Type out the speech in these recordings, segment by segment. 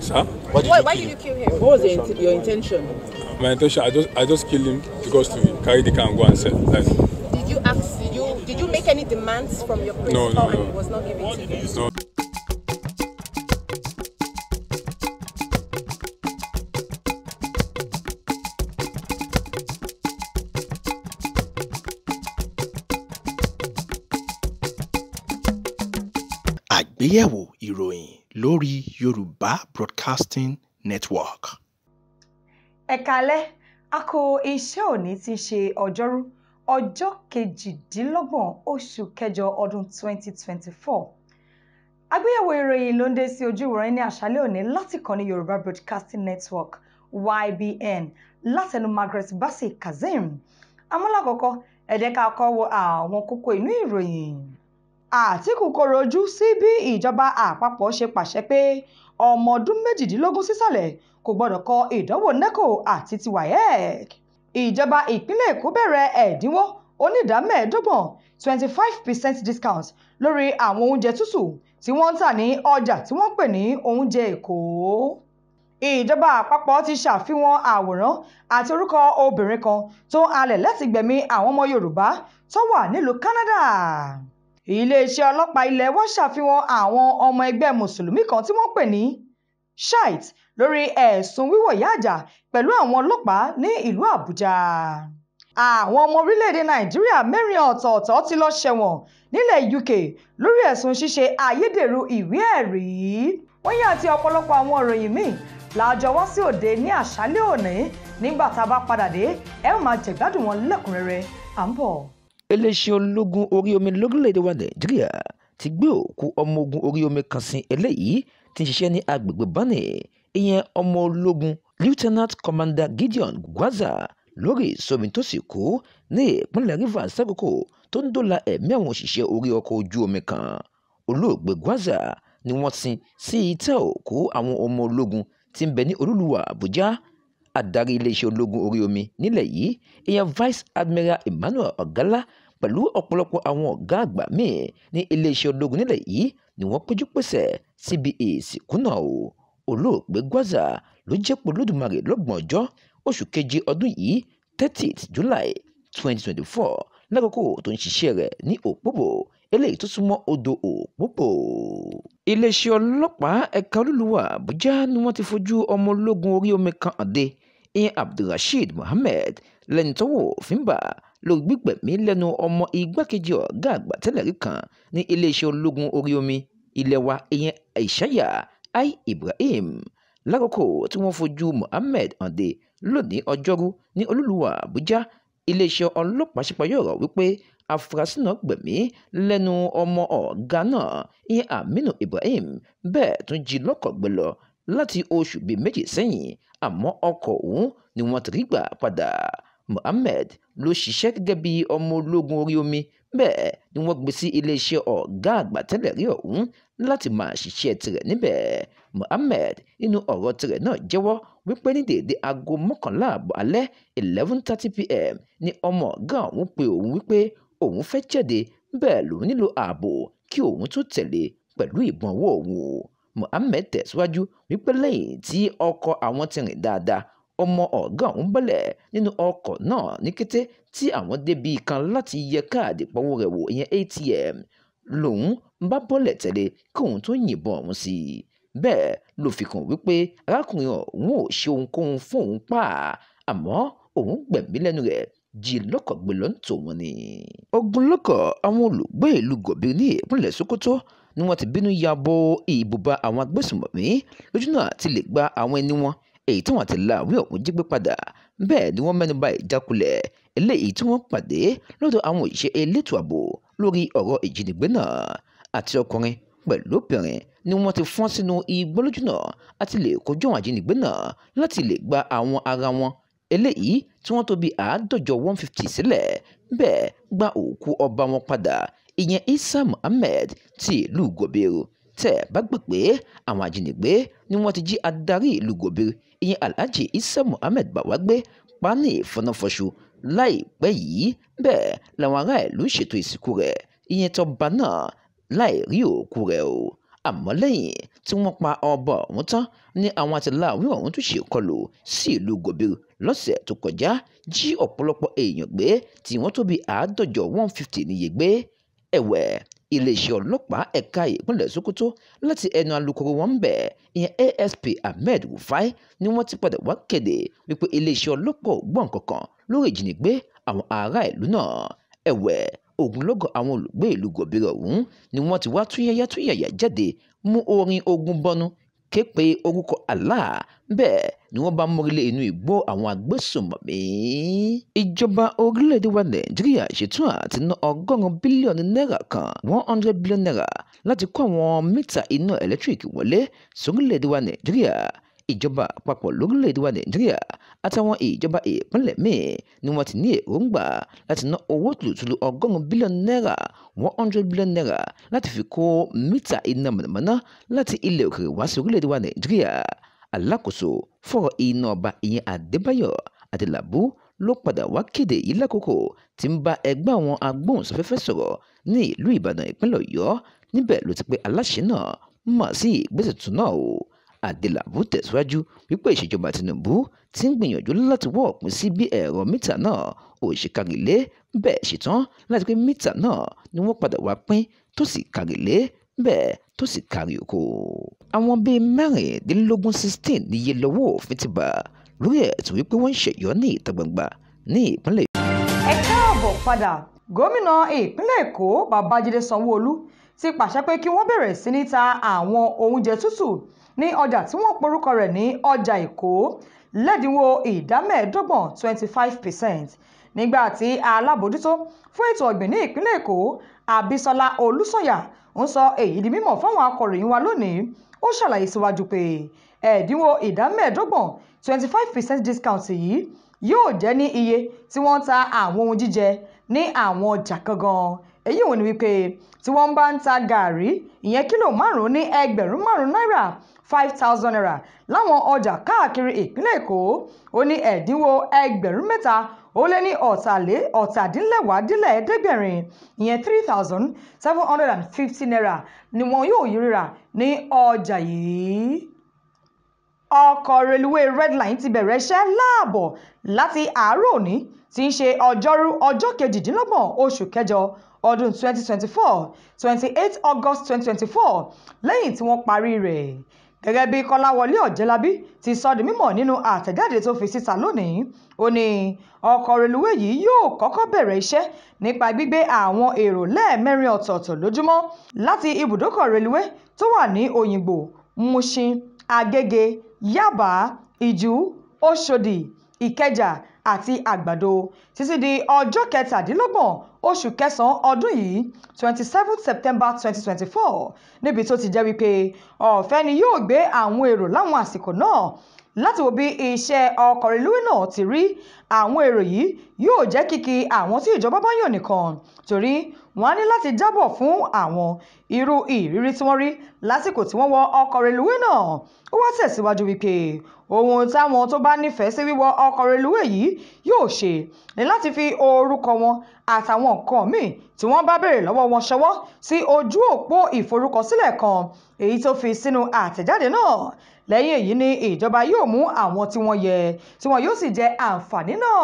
Sir? Why did, why, you, why you kill him? What was your, your intention? My intention, I just I just killed him because to carry the car and go and sell. Like, did you ask? Did you did you make any demands from your principal no, no, no. and he was not given to you? No. àgbéyẹ̀wò ìròyìn lórí Yorùbá Broadcasting Network. ẹ kalẹ́ ako kó iṣẹ́ òní ti ṣe ọjọ́rú ọjọ́ kejìdínlọ́gbọ̀n oṣù kẹjọ ọdún 2024 àgbéyẹ̀wò ìròyìn ló ń dé sí ojú ìwòran ní àṣálẹ́ òní láti kàn ní Yorùbá Broadcasting Network YBN látẹnu Margaret Bassey Kazeem amúlákọ̀ọ́kọ́ ẹ̀dẹ́ka kọ́ wo àwọn kókó inú ìròyìn Àtíkù kọ̀rọ̀ ojú sí bí ìjọba àpapọ̀ ṣe pàṣẹ pé ọmọ ọdún méjìdínlógún sísàlẹ̀ kò gbọdọ̀ kọ ìdánwò NECO àti ti WAEC. Ìjọba ìpínlẹ̀ Èkó bẹ̀rẹ̀ ẹ̀dínwó onídàámẹ́ẹ̀dọ́gbọ̀n (25%) discount lórí àwọn oúnjẹ tútù tí wọ́n ń tà ní ọjà tí wọ́n ń pè ní Oúnjẹ Èkó. Ìjọba àpapọ̀ ti ṣàfihàn àwòrán àti orúkọ obìnrin kan tó ń halẹ̀ láti gbẹ̀mí àwọn ọmọ Yorùbá tó wà nílùú Canada iléeṣẹ́ ọlọ́pàá ilé wa ṣàfihàn àwọn ọmọ ẹgbẹ́ mùsùlùmí kan tí wọ́n pè ní Shiite lórí ẹ̀sùn wíwọ̀yá pẹ̀lú àwọn ọlọ́pàá ní ìlú Àbújá àwọn ọmọ orílẹ̀-èdè Nàìjíríà mẹ́rin ọ̀tọ̀ọ̀tọ̀ ti lọ ṣẹ̀wọ̀n nílẹ̀ UK lórí ẹ̀sùn ṣíṣe ayédèrú ìwé ẹ̀rí wọ́n yà àti ọ̀pọ̀lọpọ̀ àwọn ìròyìn míì láàjọ wá sí òde ní àṣálẹ́ òní nígbà tá a bá padà dé ẹ máa jẹ̀gbádùn wọn lẹ́kùnrẹ́rẹ́ à ń bọ̀ iléeṣẹ́ ológun orí omi lórílẹ̀‐èdè wa nàìjíríà ti gbé òkú ọmọ ogun orí omi kan sí eléyìí tí ń ṣiṣẹ́ ní agbègbè bani ìyẹn ọmọ ológun lieutenant commander gideon gwaza lórí ìsomi tó sì kú ní ìpínlẹ̀ rivers sẹ́kọ̀kọ̀ tó ń dóòlà ẹ̀mí àwọn òṣìṣẹ́ orí ọkọ̀ ojú omi kan olóògbé gwaza ni wọ́n sin sí ìtẹ́ òkú àwọn ọmọ ológun tí ń bẹ ní olúluwà àbújá adarí iléeṣẹ́ ológun orí omi nílẹ̀ yìí ìyẹn vice admiral emmanuel ọ̀gálá pẹ̀lú ọ̀pọ̀lọpọ̀ àwọn ọ̀gá àgbà míì ní iléeṣẹ́ ológun nílẹ̀ yìí ni wọ́n péjú pèsè síbi ìsìnkú náà o olóògbé gwaza ló jẹ́ polódùmarè lọ́gbọ̀n ọjọ́ oṣù keje ọdún yìí thirtieth july twenty twenty four lákòókò tó ń ṣiṣẹ́ rẹ̀ ní òpópó eléyìí tó súnmọ́ odò òpópó. iléeṣẹ́ ọlọ́pàá ẹ̀ka olúluwà àbújá ni wọ́n ti fojú ọmọ ológun orí omi kan hàn in abdulrasheed mohammed lẹ́ni tọ́wọ́ òfin bà lórí gbígbẹ̀mí lẹ́nu ọmọ igbákejì ọ̀gá àgbà tẹ́lẹ̀rí kan ní iléeṣẹ́ ológun orí omi ilẹ̀ wa ìyẹn aishaya ai ibrahim lákòókò tí wọ́n fojú mohammed hànde lónìí ọjọ́rú ní olúluwà àbújá iléeṣẹ́ ọlọ́pàá ṣípayọ̀ rọ̀ wípé afurasí náà gbẹ̀mí lẹ́nu ọmọ ọ̀gá náà ìyẹn aminu ibrahim bẹ́ẹ̀ tún jí lọ́kọ̀ gbé lọ láti oṣù bíi méjì sẹ́yìn àmọ́ ọkọ̀ ọ̀hún ni wọ́n ti rí gbà padà Mohammed ló ṣiṣẹ́ gẹ́gẹ́ bí ọmọ ológun orí omi bẹ́ẹ̀ ni wọ́n gbé sí iléeṣẹ́ ọ̀gá àgbà tẹ́lẹ̀ rí ọ̀hún láti máa ṣiṣẹ́ tirẹ̀ níbẹ̀ Mohammed nínú ọ̀rọ̀ tirẹ̀ náà jẹ́wọ́ wípé ní déédé aago mọ́kànlá àbọ̀ alẹ́ eleven thirty pm ni ọmọ ọ̀gá òun pe òun wípé òun fẹ́ jáde bẹ́ẹ̀ lòun nílò ààbò kí òun tún tẹ̀lé pẹ̀lú ìbọn ọwọ́ òun mohammed tẹ̀síwájú wípé lẹ́yìn tí ọkọ̀ àwọn ti rìn dáadáa ọmọ ọ̀gá ọ̀hún bọ́lẹ̀ nínú ọkọ̀ náà ní kété tí àwọn débi kan láti yẹ káàdì pọ̀wọ́ rẹ̀ wò ìyẹn atm lòun bá bọ́lẹ̀ tẹ̀lé kí òun tó yìnbọn ọ̀hún sí i bẹ́ẹ̀ ló fi kàn wípé arákùnrin ọ̀hún ò ṣe ohunkóhun fún òun pa àmọ́ òun gbẹ̀mí lẹ́nu rẹ̀ jí lọ́kọ̀ gbé lọ́n tòun ni. ogunlọ́kọ̀ àwọn olùgbé ìlú gọ̀bí ní ìpínlẹ̀ sokoto ni wọ́n ti bínú ya bo ibùba àwọn agbésùnmọ̀mí lójúnà ti lè gba àwọn ẹni wọn èyí tí wọ́n ti la àwí ọ̀hún jí gbé padà bẹ́ẹ̀ ni wọ́n mẹ́nuba ìjákulẹ̀ eléyìí tí wọ́n pàdé lọ́dọ̀ àwọn òṣìṣẹ́ elétò ààbò lórí ọ̀rọ̀ ìjínigbé náà àti ọkùnrin pẹ̀lú obìnrin ni wọ́n ti fọ́n sínú igbó lójúnà àti lè kojú àwọn àjínigbé náà láti lè gba àwọn ara wọn eléyìí tí wọ́n tó bí àádọ́jọ one fifty sílẹ̀ bẹ́ẹ̀ gba òkú ọba wọn padà ìyẹn Isa Muhammed ti ìlú Gobir tẹ́ ẹ bá gbọ́ pé àwọn ajínigbé ni wọ́n ti jí adarí ìlú Gobir ìyẹn Alhaji Isa Muhammed Bawagbe pani ìfọnáfọṣù láìpẹ́ yìí bẹ́ẹ̀ làwọn ará ìlú ṣètò ìsìnkú rẹ̀ ìyẹn tọba náà láì rí òkú rẹ̀ o àmọ́ lẹ́yìn tí wọ́n pa ọba ọ̀hún tán ni àwọn àtìláàwí ọ̀hún tún ṣèkọlù sí ìlú Gobir lọ́sẹ̀ tó kọjá jí ọ̀pọ̀lọpọ̀ èèyàn gbé tí wọ́n tó bí àádọ́jọ one fifty níye gbé ẹ̀wẹ̀ iléeṣẹ́ ọlọ́pàá ẹ̀ka ìpínlẹ̀ Sokoto láti ẹnu alukoro wọn bẹ̀ ìyẹn ASP Ahmed Rufai ni wọ́n ti padà wá kéde wípé iléeṣẹ́ ọlọ́pàá ò gbọ́ nǹkan kan lórí ìjínigbé àwọn ará ìlú náà ẹ̀wẹ̀ ogunlọ́gọ̀ àwọn olùgbé ìlú gòbìrì ọ̀hún ni wọ́n ti wá túyẹ̀yẹ́ túyẹ̀yẹ́ jáde mú orin ogun bọnu ké pe orúkọ Allah bẹ́ẹ̀ ni wọ́n bá mórílé inú igbó àwọn agbésùnmọ̀mí. ìjọba orílẹ̀-èdè wa nàìjíríà ṣètò àti ná ọgọ́rùn-ún bílíọ̀nù náírà kan one hundred billion naira láti kó àwọn mítà iná ẹ̀lẹ́tíríkì wọlé sórílẹ̀-èdè wa nàìjíríà ìjọba àpapọ̀ lórílẹ̀-èdè wa nàìjíríà àtàwọn ìjọba ìpínlẹ̀ míì ni wọ́n ti ní èròǹgbà láti ná owó tòlótòló ọgọ́rùn-ún bílíọ̀nù náírà one hundred billion naira, láti fi kó mítà iná mọ̀nàmọ́ná láti ilẹ̀ òkèèrè wá sí orílẹ̀-èdè wa nàìjíríà alákòóso fọ̀rọ̀ iná ọba ìyẹn adébáyọ̀ adélábù ló padà wá kéde yìí lákòókò tí ń bá ẹgbẹ́ àwọn agbóhùnsáfẹ́fẹ́ sọ̀rọ̀ ní ìlú ìbàdàn ìpínlẹ̀ ọ̀yọ́ níbẹ̀ ló ti pé aláṣẹ náà mọ̀ sí ìgbésẹ̀ tún náà o adelabu tẹ̀síwájú wípé ìṣèjọba tinubu ti ń gbìyànjú láti wọ́ òpin sí bí ẹ̀rọ mítà náà ò ṣe kárìlé bẹ́ẹ̀ ṣetán láti pé mítà náà ni wọ́n padà wá pín tó sì kárìlé bẹ́ẹ̀ tó sì kárí oko. àwọn bíi mẹ́rìndínlógún sixteen níye lọ́wọ́ òfin ti bà lórí ẹ̀tún wípé wọ́n ń ṣèyọ́ ní ìta gbangba ní ìpínlẹ̀. ẹ káàbọ̀ padà gómìnà ìpínlẹ̀ èkó babájídé sanwó ti pàṣẹ pé kí wọ́n bẹ̀rẹ̀ sí ní ta àwọn oúnjẹ tútù ní ọjà tí wọ́n porúkọ rẹ̀ ní ọjà èkó lẹ́dínwó ìdá mẹ́ẹ̀ẹ́dọ́gbọ̀n twenty five percent nígbà tí alábòójútó fún ètò ọ̀gbìn ní ìpínlẹ̀ èkó àbísọ́lá olúsọ̀yà ń sọ èyí di mímọ̀ fáwọn akọ̀ròyìn wa lónìí ó ṣàlàyé síwájú pé ẹ̀dínwó ìdá mẹ́ẹ̀ẹ́dọ́gbọ̀n twenty five percent discount yìí yóò jẹ́ ní iye tí wọ́n ń ta àwọn ohun jíjẹ ní àwọn ọjà kangan èyí wọ́n ní wípé tí wọ́n bá ń ta gàárì ìyẹn kílò márùn-ún ní ẹgbẹ̀rún márùn-ún náírà five thousand naira láwọn ọjà káàkiri ìpínlẹ̀ èkó ó ní ẹ̀dínwó ẹgbẹ̀rún mẹ́ta ó lé ní ọ̀tàlẹ́ ọ̀tàdínlẹ́wàádínlẹ́ẹ̀ẹ́dẹ́gbẹ̀rin ìyẹn three thousand seven hundred and fifty naira ni wọn yóò yí rírà ní ọjà yìí ọkọ̀ reluwé red line ti bẹ̀rẹ̀ iṣẹ́ láàbọ̀ láti àárọ̀ òní tí ń ṣe ọjọ́rú ọjọ́ kejìdínlọ́gbọ̀n oṣù kẹjọ ọdún 2024 28 August 2024 lẹ́yìn tí wọ́n parí rẹ̀ gẹ́gẹ́ bí kọ́láwọlé ọ̀jẹ̀lábí ti sọ di mímọ̀ nínú àtẹ̀jáde tó fi síta lónìí ó ní ọkọ̀ reluwé yìí yóò kọ́kọ́ bẹ̀rẹ̀ iṣẹ́ nípa gbígbé àwọn èrò lẹ́ẹ̀mẹ́rin ọ̀tọ̀ọ̀tọ̀ lójúmọ́ láti ibùdókọ̀ reluwé tó wà ní òyìngbò mushin agége yábà ìjú ọ̀ṣọ́dì ìkẹjà àti àgbàdo títí di ọjọ́ kẹtàdínlọ́gbọ̀n oṣù kẹsàn-án ọdún yìí twenty seven september twenty twenty four níbi tó ti jẹ́ wípé ọ̀fẹ́ ni yóò gbé àwọn èrò láwọn àsìkò náà láti wo bí iṣẹ́ ọkọ̀ reluwé náà ti rí àwọn èrò yìí yóò jẹ́ kìkì àwọn tí ìjọba bá yàn nìkan torí wọ́n á ní láti jábọ̀ fún àwọn irú ìrírí tí wọ́n rí lásìkò tí wọ́n wọ ọkọ̀ reluwé náà ó wá tẹ̀síwájú wípé ohun táwọn tó bá nífẹ̀ẹ́ sí wíwọ ọkọ̀ reluwé yìí yóò ṣe ni láti fi orúkọ wọn àtàwọn nǹkan míì tí wọ́n bá béèrè lọ́wọ́ wọn ṣọwọ́ sí ojú òpó ìforúkọsílẹ̀ kan èyí tó fi sínú àtẹ̀jáde náà lẹ́yìn èyí ni ìjọba yóò mú àwọn tí wọ́n yẹ tí wọn yóò sì jẹ àǹfààní náà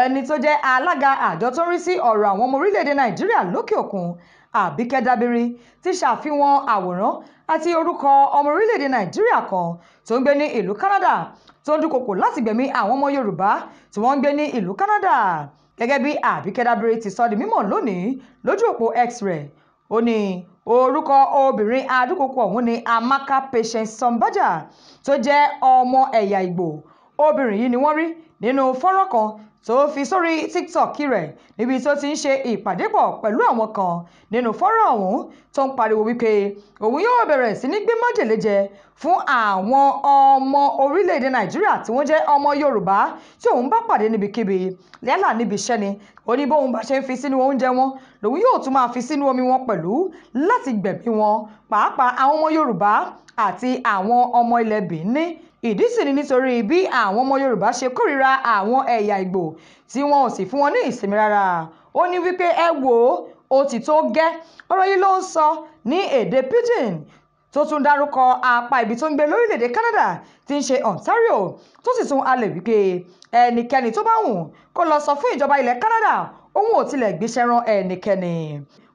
ẹni tó jẹ́ alága àjọ tó ń rí sí ọ̀rọ̀ àwọn ọmọ orílẹ̀-èdè nàìjíríà lókè òkun àbíkẹ́ dábírí ti ṣàfihàn àwòrán àti orúkọ ọmọ orílẹ̀-èdè nàìjíríà kan tó ń gbé ní ìlú canada tó ń dúnkokò láti gbẹ̀mí àwọn ọmọ yorùbá tí wọ́n ń gbé ní ìlú canada gẹ́gẹ́ bí àbíkẹ́ dábírí ti sọ di mímọ̀ lónìí lójú òpó x ray ó ní orúkọ obìnrin adúkòkò ọ̀hún ni amaka patience sanbaja tó jẹ́ ọmọ ẹ̀yà ìgbò obìnrin yìí ni wọ́n rí nínú fọ́nrán kan tó fi sórí tiktok rẹ̀ níbi tó ti ń ṣe ìpàdé pọ̀ pẹ̀lú àwọn kan nínú fọ́nrán ọ̀hún tó ń pariwo wípé òun yóò bẹ̀rẹ̀ sí ní gbé májèlé fún àwọn ọmọ orílẹ̀-èdè nàìjíríà tí wọ́n jẹ́ ọmọ yorùbá tí òun bá pàdé níbikíbi yálà níbi iṣẹ́ ni ó ní bóun bá ṣe ń fi sínú oúnjẹ wọn lòun yóò tún máa fi sínú omi wọn pẹ̀lú láti gbẹ̀mí wọn pàápàá àwọn ọmọ yorùbá àti àwọn ọmọ ilẹ̀ benin ìdí sì ni nítorí bí àwọn ọmọ yorùbá ṣe kórìíra àwọn ẹ̀yà ìgbò tí wọn ò sì fún wọn ní ìsinmi rárá ó ní wípé ẹ wò ó ó ti tó gẹ́ ọ̀rọ̀ yìí ló ń sọ ní èdè pidgin tó tún dárúkọ apá ibi tó ń gbé lórílẹ̀‐èdè Canada tí ń ṣe Ontario tó sì tún alẹ̀ wípé ẹnikẹ́ni tó bá wù kó lọ sọ fún ìjọba ilẹ̀ Canada òun ò tilẹ̀ gbéṣẹ́ ran ẹnikẹ́ni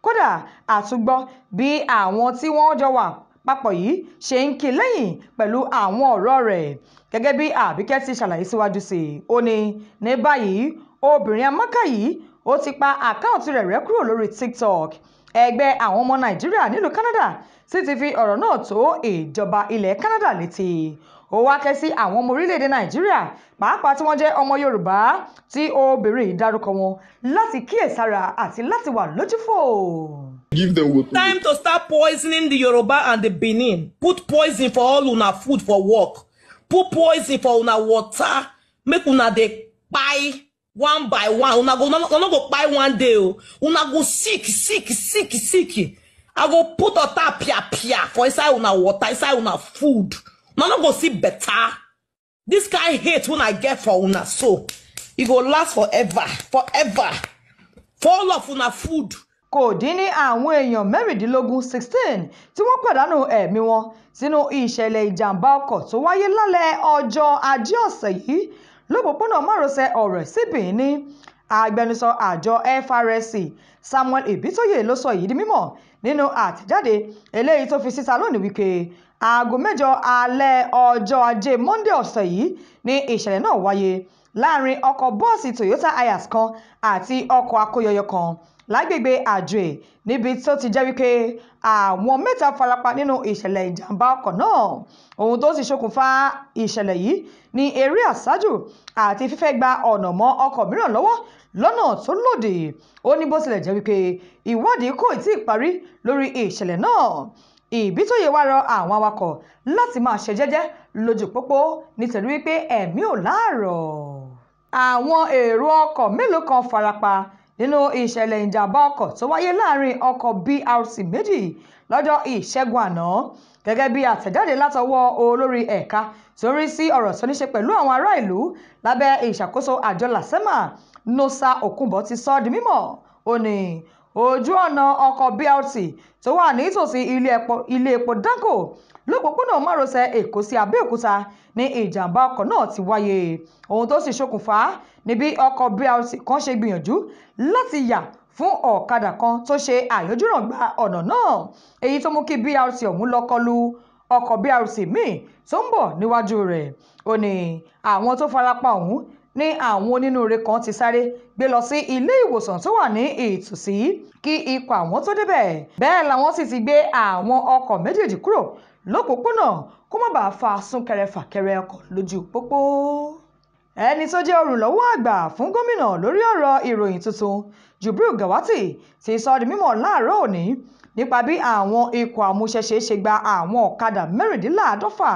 kódà àtúgbọ́ bí àwọn tí wọ́n jọ wà papọ̀ yìí ṣe ń kí lẹ́yìn pẹ̀lú àwọn ọ̀rọ̀ rẹ̀ gẹ́gẹ́ bí àbíkẹ́ ti ṣàlàyé síwájú sí i ó ní ní báyìí obìnrin amọ́kà yìí ó ti pa àkáǹtì rẹ̀ rẹ́ kúrò lórí tiktok ẹgbẹ́ àwọn ọmọ nàìjíríà nílùú canada sì ti fi ọ̀rọ̀ náà tó ìjọba ilẹ̀ canada létí ó wá ké sí àwọn ọmọ orílẹ̀-èdè nàìjíríà pàápàá tí wọ́n jẹ́ ọmọ yorùbá tí obìnrin yìí dárúkọ wọn láti kíyèsára àti láti wà lójúfò give them water. Time to start poisoning the Yoruba and the Benin. Put poison for all una food for work. Put poison for una water. Make una dey buy one by one. Una go, una, una go buy one day. Una go sick, sick, sick, sick. I go put water pia pia for inside una water, inside una food. Una no go see better. This guy hate when I get for una so. It e go last forever, forever. For all of una food kò dín ní àwọn èèyàn mẹ́rìndínlógún sixteen tí wọ́n pàdánù ẹ̀mí wọn sínú ìṣẹ̀lẹ̀ ìjàm̀bá ọkọ̀ tó wáyé lálẹ́ ọjọ́ ajé ọ̀sẹ̀ yìí lópòpónà márosẹ̀ ọ̀rẹ́ sí Benin agbẹnusọ àjọ FRC. Samuel Ibitoye ló sọ èyí di mímọ̀ nínú àtẹ̀jáde eléyìí tó fi síta lónìí wípé aago mẹ́jọ alẹ́ ọjọ́ ajé Monday ọ̀sẹ̀ yìí ni ìṣẹ̀lẹ̀ náà wáyé láàrin ọkọ̀ bọ́ọ̀sì Toyota Hiace kan àti ọkọ̀ akóyọyọ kan lágbègbè àjòyè níbi tó ti jẹ́ wípé àwọn mẹ́ta farapa nínú ìṣẹ̀lẹ̀ ìjàmbá ọkọ̀ náà ohun tó sì ṣokùnfà ìṣẹ̀lẹ̀ yìí ni eré àsájù àti fífẹ́ gba ọ̀nà mọ́ ọkọ̀ mìíràn lọ́wọ́ lọ́nà tó lòdì ó ní bó tilẹ̀ jẹ́ wípé ìwádìí kò tí ì parí lórí ìṣẹ̀lẹ̀ náà Ìbítóyè wá rọ àwọn awakọ̀ láti máa ṣe jẹ́jẹ́ lójú pópó nítorí wípé ẹ̀mí ò láàrọ̀ àwọn èrò ọkọ̀ mélòó kan farapa nínú ìṣẹ̀lẹ̀ ìjàmbá ọkọ̀ tó wáyé láàrin ọkọ̀ BRT méjì lọ́jọ́ ìṣẹ́gun àná gẹ́gẹ́ bí àtẹ̀jáde látọwọ́ olórí ẹ̀ka tó rí sí ọ̀rọ̀ tó ní ṣe pẹ̀lú àwọn ará ìlú lábẹ́ ìṣàkóso àjọ làsẹ́mà Nosa Okunbo ti sọ ọ́ di mímọ́ ó ní ojú-ọ̀nà ọkọ̀ brt tó wà nítòsí ilé-epo danco lọ́pọ̀pọ̀nà márosẹ̀ èkó sí abẹ́òkúta ní ìjàmbá ọkọ̀ náà ti wáyé ohun tó sì ṣokùnfà ni bí ọkọ̀ brt kan ṣe gbìyànjú láti yà fún ọ̀kadà kan tó ṣe àyọjúràngbá ọ̀nà náà èyí tó mú kí brt ọ̀hún lọ kọlu ọkọ̀ brt míì tó ń bọ̀ níwájú rẹ̀ ó ní àwọn tó farapa ọ̀hún ni àwọn onínúure kan ti sáré gbé lọ sí ilé ìwòsàn tó wà ní ìtòsí kí ikọ̀ àwọn tó débẹ̀ bẹ́ẹ̀ làwọn sì ti gbé àwọn ọkọ̀ méjèèjì kúrò lópòpónà kó má bàa fa súnkẹrẹ fàkẹrẹ ọkọ̀ lójú pópó ẹni tó jẹ́ olùlọ́wọ́ àgbà fún gómìnà lórí ọ̀rọ̀ ìròyìn tuntun Jubril Gawati ti sọ di mímọ̀ láàárọ̀ òní nípa bí àwọn ikọ̀ àmúṣẹṣe ṣe gba àwọn ọ̀kadà mẹ́rìndínláàádọ́fà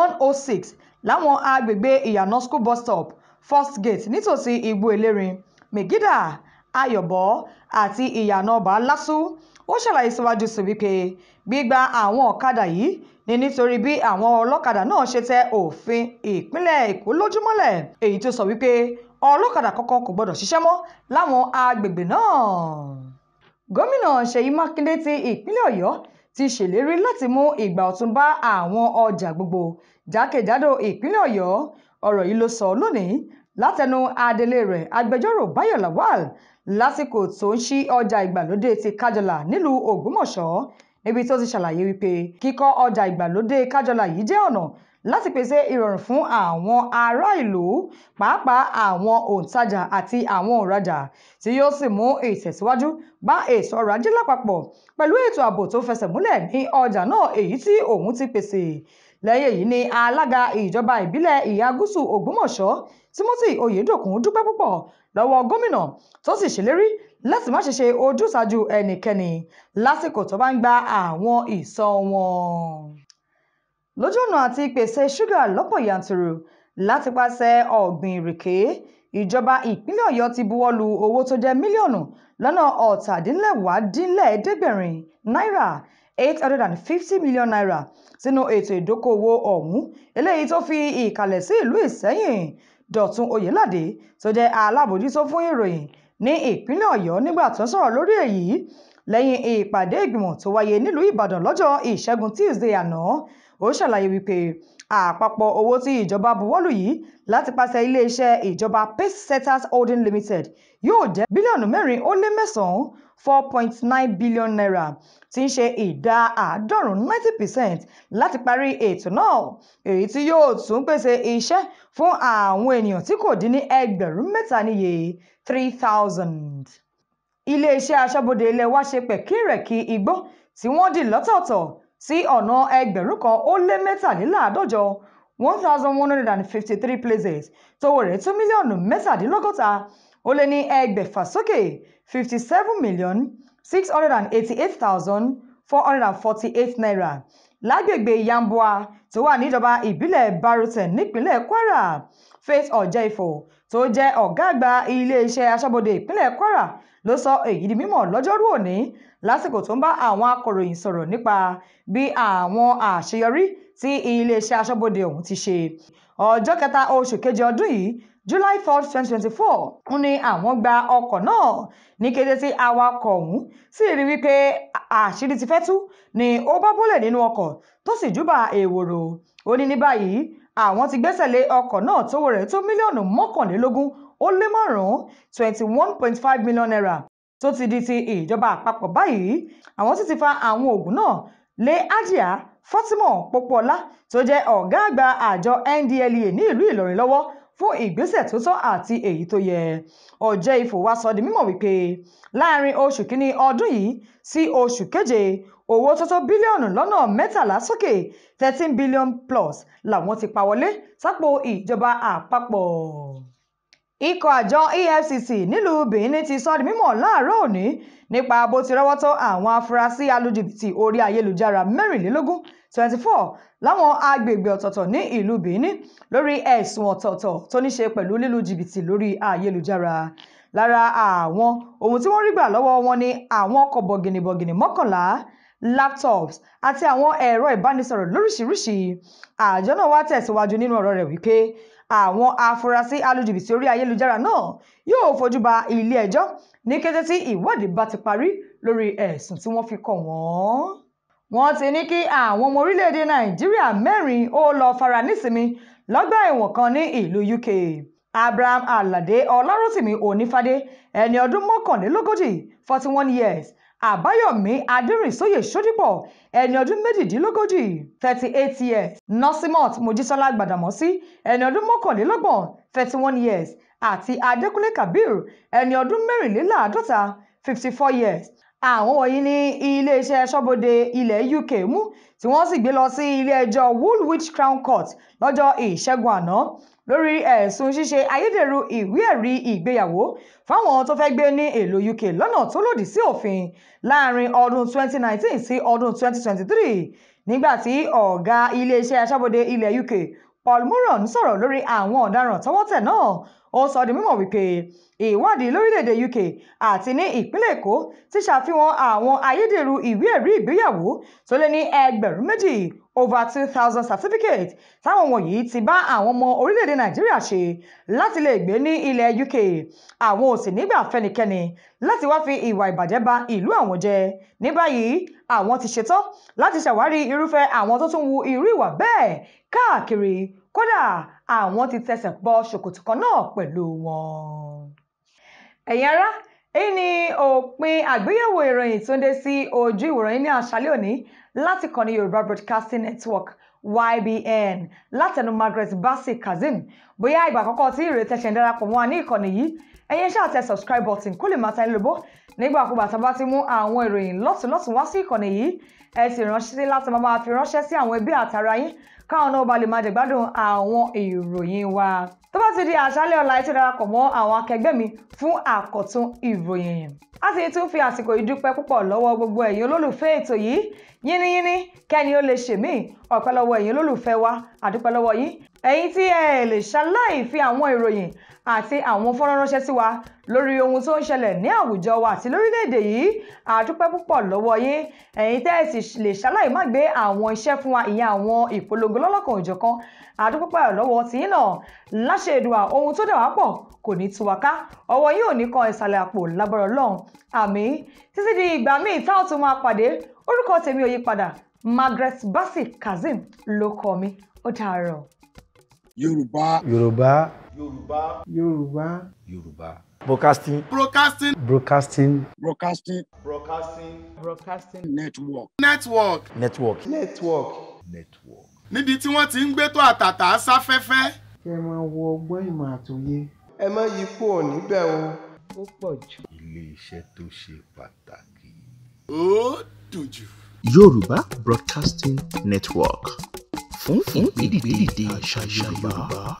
one oh six láwọn agbègbè ìyànà school bus stop Fosgate nítòsí Igbó Ilérin, Mehgeda, Ayọ̀bọ àti ìyànà ọba LASU. Ó ṣàlàyé síwájú sí i wípé gbígba àwọn ọ̀kadà yìí ni nítorí bí àwọn ọlọ́kadà náà ṣe tẹ òfin ìpínlẹ̀ Èkó lójú mọ́lẹ̀ èyí tó sọ wípé ọlọ́kadà kankan kò gbọdọ̀ ṣiṣẹ́ mọ́ láwọn agbègbè náà. Gómìnà Ṣèyí Mákindé ti ìpínlẹ̀ Ọ̀yọ́ ti ṣèlérí láti mú ìgbà ọ̀tun bá àwọn ọjà gbogbo jákèjádò ìpínlẹ̀ Ọ̀yọ́. Ọ̀rọ̀ yìí ló sọ lónìí látẹnu adelé rẹ̀ agbẹjọ́rò Báyọ̀ Lawal lásìkò tó ń ṣí ọjà ìgbàlódé ti Kájọlà nílùú Ògbómọ̀ṣọ́ níbi tó ti ṣàlàyé wípé kíkọ́ ọjà ìgbàlódé Kájọlà yìí jẹ́ ọ̀nà láti pèsè ìrọ̀rùn fún àwọn ará ìlú pàápàá àwọn òǹtajà àti àwọn òǹrajà tí yóò sì mú ìtẹ̀síwájú bá ètò ọrọ̀ ajé lápapọ̀ pẹ̀lú ètò ààbò tó fẹsẹ̀ múlẹ̀ ní ọjà náà èyí tí òun ti pèsè lẹ́yìn èyí ni alága ìjọba ìbílẹ̀ ìhà gúúsù ògbómọ̀ṣọ́ timothy oyedokun dúpẹ́ púpọ̀ lọ́wọ́ gómìnà tó sì ṣèlérí láti má ṣe ṣe ojúsàájú ẹnikẹ́ni lásìkò tó bá ń gba àwọn ìsọ̀ wọn lójú ọ̀nà àti ìpèsè ṣúgà lọ́pọ̀ yanturu láti pàṣẹ ọ̀gbìn ìrèké ìjọba ìpínlẹ̀ ọ̀yọ́ ti buwọ́ lu owó tó jẹ́ mílíọ̀nù lọ́nà ọ̀tàdínlẹ́wàádínlẹ́ẹ̀ẹ́dẹ́gbẹ̀rin náírà eight hundred and fifty million naira sínú ètò ìdókòwò ọ̀hún eléyìí tó fi ìkàlẹ̀ sí ìlú ìsẹ́yìn dọ̀tun oyèládé tó jẹ́ alábòjútó fún ìròyìn ní ìpínlẹ̀ ọ̀yọ́ nígbà tó sọ̀rọ̀ lórí èyí lẹ́yìn ìpàdé ìgbìmọ̀ tó wáyé nílùú ìbàdàn lọ́jọ́ ìṣẹ́gun tuesday àná ó ṣàlàyé wípé àpapọ̀ owó tí ìjọba buwọ́lù yìí láti pàṣẹ iléeṣẹ́ ìjọba Pace Setters Holding Limited yóò jẹ́ bílíọ̀nù mẹ́rin ó lé mẹ́sàn-án four point nine billion naira tí ń ṣe ìdá àádọ́rùn ninety percent láti parí ètò náà èyí tí yóò tún pèsè iṣẹ́ fún àwọn ènìyàn tí kò dín ní ẹgbẹ̀rún mẹ́ta níye three thousand. iléeṣẹ́ aṣọ́bodè ilé wa ṣe pẹ̀kírẹ̀kì igbó tí wọ́n dì lọ́tọ̀ọ̀tọ̀ sí ọ̀nà ẹgbẹ̀rún kan ó lé mẹ́tàléláàádọ́jọ one thousand one hundred and fifty three places tówó rẹ̀ tó mílíọ̀nù mẹ́tàdínlọ́gọ́ta ó lé ní ẹgbẹ̀fà sókè fifty seven million six hundred and eighty eight thousand four hundred and forty eight naira lágbègbè Yamboa tó wà níjọba ìbílẹ̀ Baruten nípínlẹ̀ Kwara Faith Ọ̀jẹ̀ifọ̀ tó jẹ́ ọ̀gá àgbà iléeṣẹ́ aṣọ́bodè ìpínlẹ̀ Kwara ló sọ èyí di mímọ̀ lọ́jọ́rú òní lásìkò tó ń bá àwọn akọ̀ròyìn sọ̀rọ̀ nípa bí àwọn àṣeyọrí tí iléeṣẹ́ aṣọ́bodè ọ̀hún ti ṣe ọjọ́ kẹta oṣù kejì ọdún yìí July 4, 2024 ń ní àwọn gba ọkọ̀ náà ní kété tí awakọ̀ ọ̀hún sì rí wípé àṣírí ti fẹ́ tú ni ó bá bọ́lẹ̀ nínú ọkọ̀ tó sì júbà èèwòrò ó ní ní báyìí àwọn ti gbẹ́sẹ̀ lé ọkọ̀ náà tówó rẹ̀ tó mílíọ̀nù mọ́kànlélógún ó lé márùn-ún twenty one point five million naira tó ti di ti ìjọba àpapọ̀ báyìí àwọn sì ti fa àwọn oògùn náà lé Hajia Fatima Popoola tó jẹ́ ọ̀gá àgbà àjọ NDLEA ní ìlú Ìlọrin lọ́wọ́ fún ìgbésẹ̀ tó tọ́ àti èyí tó yẹ ọ̀jẹ̀ ìfò wa sọ di mímọ̀ wípé láàrin oṣù kínní ọdún yìí sí oṣù keje owó tó tó bílíọ̀nù lọ́nà mẹ́tàlá sókè thirteen billion plus làwọn ti pa wọlé sápò ìjọba àpapọ̀ ikọ̀ àjọ efcc nílùú benin ti sọ di mímọ̀ láàárọ̀ òní nípa bó ti rọ́wọ́ tó àwọn afurasí alójìbìtì orí ayélujára mẹ́rìnlélógún twenty four láwọn agbègbè ọ̀tọ̀ọ̀tọ̀ ní ìlú benin lórí ẹ̀sùn ọ̀tọ̀ọ̀tọ̀ tó ní ṣe pẹ̀lú lílu jìbìtì lórí ayélujára lára àwọn ohun tí wọ́n rí gbà lọ́wọ́ wọn ni àwọn ọkọ̀ bọ̀gìnìbọ̀gìnì mọ́kànlá laptops àti àwọn ẹ̀rọ ìbánisọ̀rọ̀ lóríṣiríṣi àjọ náà wá tẹ̀síwájú nínú ọ̀rọ̀ rẹ̀ wípé àwọn afurasí alùjìbìtì orí ayélujára náà yóò fojú ba ilé-ẹjọ́ ní kété tí ìwádìí bá ti parí lórí ẹ̀sùn tí wọ́n fi kàn wọ́n wọ́n ti ní kí àwọn ọmọ orílẹ̀-èdè nàìjíríà mẹ́rin ó lọ́ọ́ fara nísinmi lọ́gbà ẹ̀wọ̀n kan ní ìlú UK Abraham Alade Ọlárọ̀tìmí Onífádé ẹni ọdún mọ́kànlélógójì forty one years àbáyọ̀mí adẹ́rìnsóyè ṣódípọ̀ ẹni ọdún méjìdínlógójì thirty eight years nọ́símọ́t mojísọ́lá gbàdàmọ́sí ẹni ọdún mọ́kànlélọ́gbọ̀n thirty one years àti adékúnlé kabir ẹni ọdún mẹ́rìnléláàádọ́ta fifty four years àwọn wọ̀nyí ní iléeṣẹ́ ṣọ́bodè ilẹ̀ UK mú tí wọ́n sì gbé lọ sí ilé ẹjọ́ Woolwich Crown Court lọ́jọ́ ìṣẹ́gun àná lórí ẹ̀sùn ṣíṣe ayédèrú ìwé-ẹ̀rí ìgbéyàwó fáwọn tó fẹ́ gbé ní èlò UK lọ́nà tó lòdì sí òfin láàrin ọdún 2019 sí ọdún 2023 nígbà tí ọ̀gá iléeṣẹ́ aṣábodè ilẹ̀ UK Paul Moran sọ̀rọ̀ lórí àwọn ọ̀daràn tọwọ́ tẹ̀ náà ó sọ di mímọ̀ wípé ìwádìí lórílẹ̀‐èdè UK àti ní ìpínlẹ̀ Èkó ti ṣàfihàn àwọn ayédèrú ìwé-ẹ̀rí ìgbéyàwó tó lé ní ẹgbẹ̀rún méjì over two thousand certificate táwọn wọ̀nyí ti bá àwọn ọmọ orílẹ̀-èdè nàìjíríà ṣe láti lè gbé ní ilẹ̀ uk àwọn ò sì nígbà fẹ́nikẹ́ni láti wá fi ìwà ìbàjẹ́ ba ìlú àwọn jẹ́ ní báyìí àwọn ti ṣetán láti ṣàwárí irúfẹ́ àwọn tó tún wu irú ìwà bẹ́ẹ̀ káàkiri kódà àwọn ti tẹsẹ̀ bọ ṣòkòtò kan náà pẹ̀lú wọn. ẹ̀yin ará èyí ni òpin àgbéyẹ̀wò ìròyìn tó ń dé sí ojú ìwòrán ní àṣálẹ́ òní láti kàn ní Yorùbá Broadcasting Network YBN látẹnu Margaret Bassey Kazeem bóyá ìgbà àkọ́kọ́ tí ìrètí ẹ̀ṣẹ̀ ń darapọ̀ mọ́ wa ní ìkànnì yìí ẹ̀yin ṣáà tẹ subscribe button kó lè máa ta ẹ lóbó nígbàkúgbà tá a bá ti mú àwọn ìròyìn lọ́tùnlọ́tùn wá sí ìkànnì yìí ẹ sì ránṣẹ́ láti máa fi ránṣẹ́ sí àwọn ẹbí àtàrà yín káwọn náà bá lè máa jẹ̀gbádùn àwọn ìròyìn wa tó bá ti di àṣálẹ́ ọ̀la ẹ ti darapọ̀ mọ́ àwọn akẹgbẹ́ mi fún àkọ́tún ìròyìn a sì tún fi àsìkò ìdúpẹ́ púpọ̀ lọ́wọ́ gbogbo ẹ̀yin olólùfẹ́ ètò yìí yínníyínní kẹ́ni ó lè ṣèmí ọpẹ́ lọ́wọ́ ẹ̀yin olólùfẹ́ wa àdúpẹ́ lọ́wọ́ yín ẹ̀yin tí ẹ lè ṣaláì fi àwọn ìròyìn àti àwọn fọ́nrán ránṣẹ́ sí wa lórí ohun tó ń ṣẹlẹ̀ ní àwùjọ wa àti lórílẹ̀‐èdè yìí àdúpẹ́ púpọ̀ lọ́wọ́ yín ẹ̀yin tẹ́ ẹ sì lè ṣaláì má gbé àwọn iṣẹ́ fún wa ìyẹn àwọn ìpolongo lọ́lọ́kan òjọ̀kan àdúpẹ́ lọ́wọ́ tìyín náà láṣẹ Èdùà ohun tó dà wá pọ̀ kò ní tú wa ká ọwọ́ yìí ò ní kan ìsàlẹ̀ àpò lábọ̀rọ̀ lọ́hùn àmín títí di ìgbà míì tá ò tún máa pàdé orúkọ tèmi ò Margaret Bassey Kazeem ló kọ mi ó dàárọ̀. Yorùbá. Yorùbá. Yorùbá. Yorùbá. Yorùbá. Broadcasting. Broadcasting. Broadcasting. Broadcasting. Broadcasting. Broadcasting. Network. Network. Network. Network. Network. Níbi tí wọ́n ti ń gbé tó àtàtà sáfẹ́fẹ́. Kẹ́ ẹ máa wo ọgbọ́n ìmọ̀ àtòyé. Ẹ má yí kúrò níbẹ̀ o. Ó pọ̀ jù. Ilé iṣẹ́ tó ṣe pàtàkì. Ó dùn jù. Yorùbá Broadcasting Network fún ìgbédìde àṣà Yorùbá.